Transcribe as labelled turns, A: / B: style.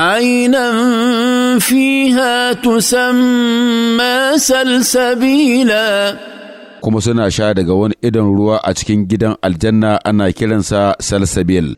A: عينا فيها تسمى سلسبيلا
B: kuma suna sha daga wani idon ruwa a cikin gidan aljanna ana kiransa salsabil